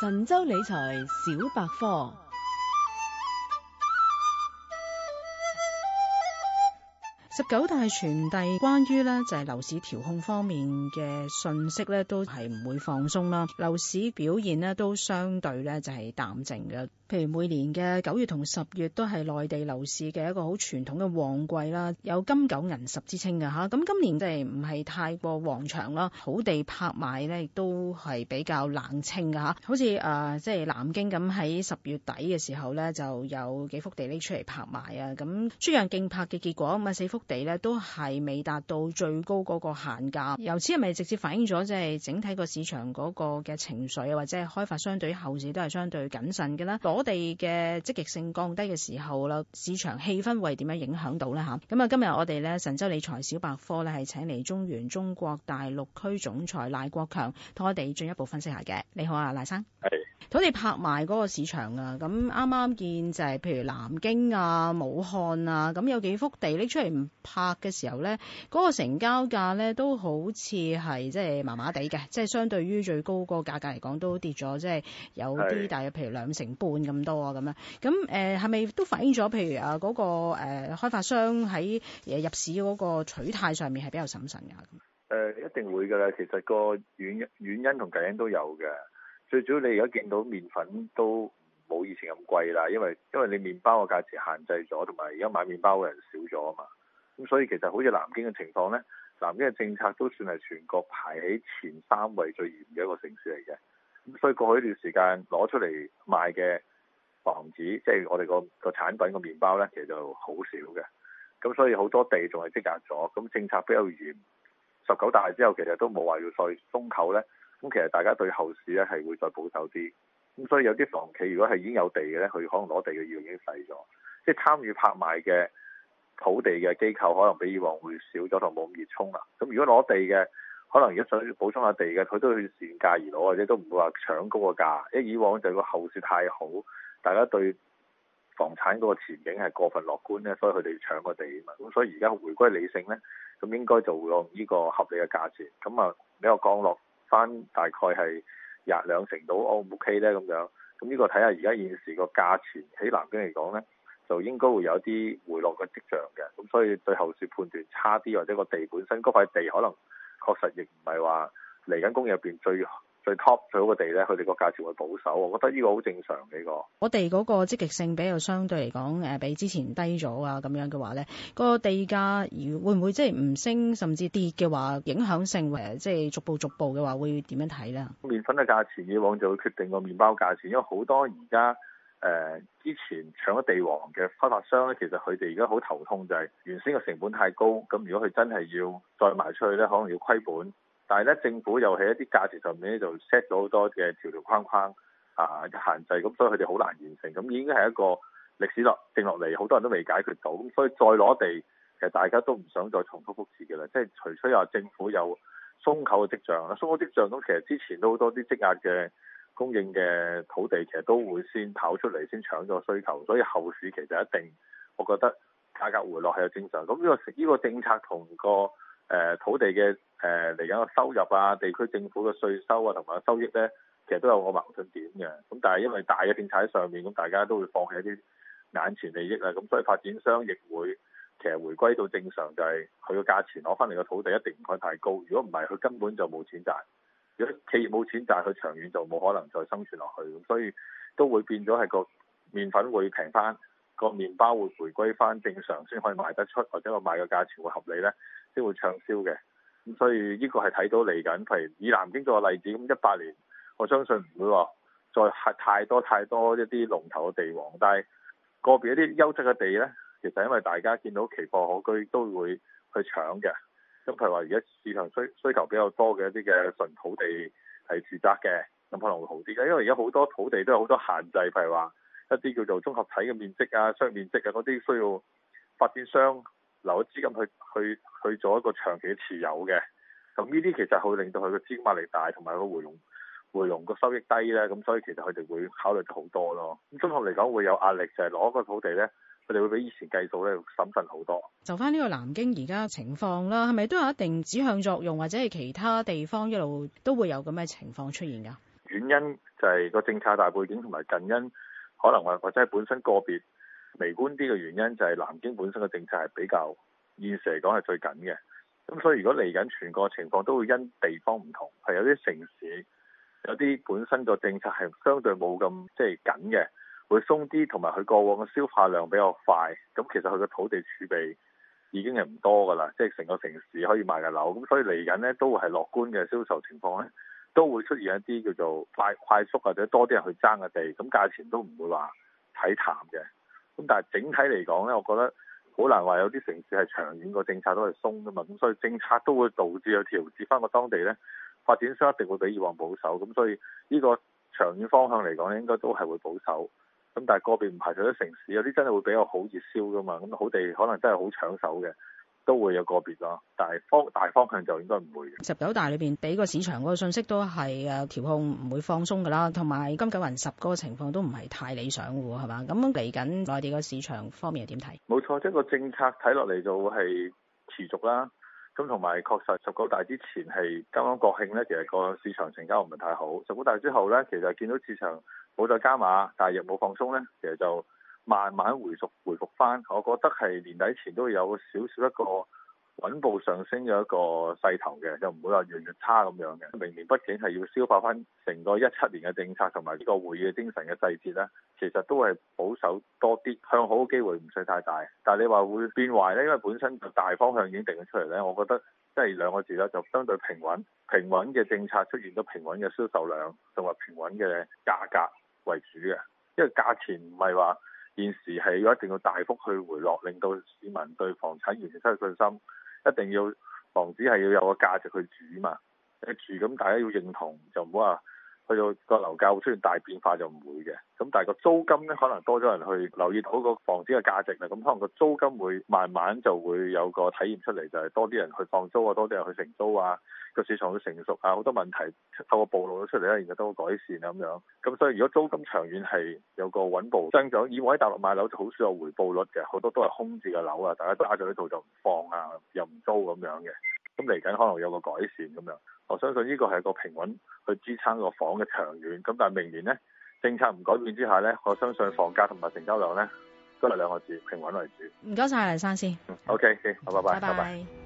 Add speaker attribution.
Speaker 1: 神州理財小百科。十九大傳遞關於呢，就係樓市調控方面嘅信息呢，都係唔會放鬆啦。樓市表現呢，都相對呢，就係淡靜嘅。譬如每年嘅九月同十月都係內地樓市嘅一個好傳統嘅旺季啦，有金九銀十之稱㗎吓。咁今年即係唔係太過旺場啦，土地拍賣呢，亦都係比較冷清㗎吓。好似誒、呃、即係南京咁，喺十月底嘅時候呢，就有幾幅地拎出嚟拍賣啊，咁出讓競拍嘅結果咁啊四幅，地咧都係未達到最高嗰個限價，由此係咪直接反映咗，即係整體個市場嗰個嘅情緒啊，或者係開發商對於後市都係相對謹慎嘅呢？攞地嘅積極性降低嘅時候啦，市場氣氛會點樣影響到呢？吓，咁啊，今日我哋咧神州理財小百科咧，係請嚟中原中國大陸區總裁賴國強同我哋進一步分析下嘅。你好啊，賴生。好似拍賣嗰個市場啊，咁啱啱見就係、是、譬如南京啊、武漢啊，咁有幾幅地拎出嚟唔拍嘅時候咧，嗰、那個成交價咧都好似係即係麻麻地嘅，即係相對於最高個價格嚟講都跌咗，即、就、係、是、有啲大約譬如兩成半咁多啊咁樣。咁誒係咪都反映咗譬如啊嗰、那個誒開發商喺誒入市嗰個取態上面係比較審慎㗎？誒、呃，一
Speaker 2: 定會㗎啦。其實個原因、原因同背景都有嘅。最主要你而家見到麵粉都冇以前咁貴啦，因為，因為你麵包嘅價錢限制咗，同埋而家買麵包嘅人少咗啊嘛。咁所以其實好似南京嘅情況咧，南京嘅政策都算係全國排喺前三位最嚴嘅一個城市嚟嘅。咁所以過去一段時間攞出嚟賣嘅房子，即係我哋個個產品個麵包咧，其實就好少嘅。咁所以好多地仲係積壓咗，咁政策比較嚴，十九大之後其實都冇話要再鬆口咧。咁其實大家對後市咧係會再保守啲，咁所以有啲房企如果係已經有地嘅咧，佢可能攞地嘅要已經細咗，即係參與拍賣嘅土地嘅機構可能比以往會少咗同冇咁熱衷啦。咁如果攞地嘅，可能而家想補充下地嘅，佢都會去善價而攞，或者都唔會話搶高個價。因為以往就個後市太好，大家對房產嗰個前景係過分樂觀咧，所以佢哋搶個地啊嘛。咁所以而家回歸理性咧，咁應該就會用呢個合理嘅價錢，咁啊比較降落。翻大概係廿兩成到，O 唔 O K 咧咁樣，咁呢個睇下而家現時個價錢喺南京嚟講呢，就應該會有啲回落嘅跡象嘅，咁所以對後市判斷差啲，或者個地本身嗰塊地可能確實亦唔係話嚟緊工業入邊最。最 top 最好嘅地咧，佢哋個價錢會保守，我覺得呢個好正常。呢個
Speaker 1: 我哋嗰個積極性比較相對嚟講，誒比之前低咗啊。咁樣嘅話咧，個地價會會唔會即係唔升甚至跌嘅話，影響性誒即係逐步逐步嘅話，會點樣睇咧？
Speaker 2: 麵粉嘅價錢以往就會決定個麵包價錢，因為好多而家誒之前搶咗地王嘅開發商咧，其實佢哋而家好頭痛，就係原先個成本太高，咁如果佢真係要再賣出去咧，可能要虧本。但係咧，政府又喺一啲價值上面咧，就 set 咗好多嘅條條框框啊，限制咁，所以佢哋好難完成，咁已經係一個歷史落剩落嚟，好多人都未解決到，咁所以再攞地，其實大家都唔想再重複復置嘅啦，即係除非話政府有鬆口嘅跡象啦，鬆口跡象都其實之前都好多啲積壓嘅供應嘅土地，其實都會先跑出嚟，先搶咗需求，所以後市其實一定，我覺得價格回落係有正常。咁呢個呢個政策同、個誒、呃、土地嘅。誒嚟緊個收入啊，地區政府嘅稅收啊，同埋收益呢，其實都有個矛盾點嘅。咁但係因為大嘅政策喺上面，咁大家都會放棄一啲眼前利益啊。咁所以發展商亦會其實回歸到正常，就係佢個價錢攞翻嚟個土地一定唔可以太高。如果唔係，佢根本就冇錢賺。如果企業冇錢賺，佢長遠就冇可能再生存落去。咁所以都會變咗係個麵粉會平翻，個麵包會回歸翻正常，先可以賣得出，或者我賣嘅價錢會合理呢，先會暢銷嘅。咁所以呢個係睇到嚟緊，譬如以南京做個例子，咁一百年我相信唔會話再係太多太多一啲龍頭嘅地王，但係個別一啲優質嘅地呢，其實因為大家見到奇貨可居，都會去搶嘅。咁譬如話，而家市場需需求比較多嘅一啲嘅純土地係住宅嘅，咁可能會好啲嘅，因為而家好多土地都有好多限制，譬如話一啲叫做綜合體嘅面積啊、商業面積啊嗰啲需要發展商。留咗資金去去去做一個長期嘅持有嘅，咁呢啲其實會令到佢個資金壓力大，同埋個回籠回籠個收益低咧，咁所以其實佢哋會考慮咗好多咯。咁綜合嚟講會有壓力，就係攞個土地咧，佢哋會比以前計數咧審慎好多。
Speaker 1: 就返呢個南京而家情況啦，係咪都有一定指向作用，或者係其他地方一路都會有咁嘅情況出現
Speaker 2: 㗎？原因就係個政策大背景同埋近因，可能或或者係本身個別。微觀啲嘅原因就係南京本身嘅政策係比較現時嚟講係最緊嘅。咁所以如果嚟緊全國情況都會因地方唔同，係有啲城市有啲本身個政策係相對冇咁即係緊嘅，會鬆啲，同埋佢過往嘅消化量比較快。咁其實佢個土地儲備已經係唔多㗎啦，即係成個城市可以賣嘅樓。咁所以嚟緊呢都會係樂觀嘅銷售情況呢都會出現一啲叫做快快速或者多啲人去爭嘅地，咁價錢都唔會話睇淡嘅。咁但係整體嚟講呢，我覺得好難話有啲城市係長遠個政策都係鬆㗎嘛，咁所以政策都會導致去調節返個當地呢，發展商一定會比以往保守，咁所以呢個長遠方向嚟講應該都係會保守。咁但係個別唔排除啲城市有啲真係會比較好熱銷㗎嘛，咁好地可能真係好搶手嘅。都會有個別咯，但係方大方向就應該唔會嘅。
Speaker 1: 十九大裏邊俾個市場嗰個信息都係誒調控唔會放鬆㗎啦，同埋金九銀十嗰個情況都唔係太理想喎，係嘛？咁樣嚟緊內地個市場方面又點睇？
Speaker 2: 冇錯，即係個政策睇落嚟就係持續啦。咁同埋確實十九大之前係啱啱國慶咧，其實個市場成交唔係太好。十九大之後咧，其實見到市場冇再加碼，但係亦冇放鬆咧，其實就。慢慢回，回復回復翻，我覺得係年底前都有少少一個穩步上升嘅一個勢頭嘅，就唔會話越嚟越差咁樣嘅。明年畢竟係要消化翻成個一七年嘅政策同埋呢個會議嘅精神嘅細節啦，其實都係保守多啲向好嘅機會唔使太大，但係你話會變壞呢，因為本身就大方向已經定咗出嚟呢。我覺得即係兩個字啦，就相對平穩。平穩嘅政策出現咗平穩嘅銷售量同埋平穩嘅價格為主嘅，因為價錢唔係話。現時係要一定要大幅去回落，令到市民對房產完全失去信心。一定要房子係要有個價值去住嘛，一住噉大家要認同，就唔好話。去到個樓價會出現大變化就唔會嘅，咁但係個租金呢，可能多咗人去留意到個房子嘅價值啦，咁可能個租金會慢慢就會有個體驗出嚟，就係、是、多啲人去放租啊，多啲人去承租啊，個市場會成熟啊，好多問題透過暴露咗出嚟啦，然後都個改善啦咁樣，咁所以如果租金長遠係有個穩步增長，以往喺大陸買樓就好少有回報率嘅，好多都係空置嘅樓啊，大家都揸住呢度就唔放啊，又唔租咁樣嘅，咁嚟緊可能有個改善咁樣。我相信呢個係個平穩去支撐個房嘅長遠，咁但係明年呢，政策唔改變之下呢，我相信房價同埋成交量呢，都係兩個字平穩為主。唔
Speaker 1: 該晒，黎生先。
Speaker 2: OK，好，拜拜。拜拜。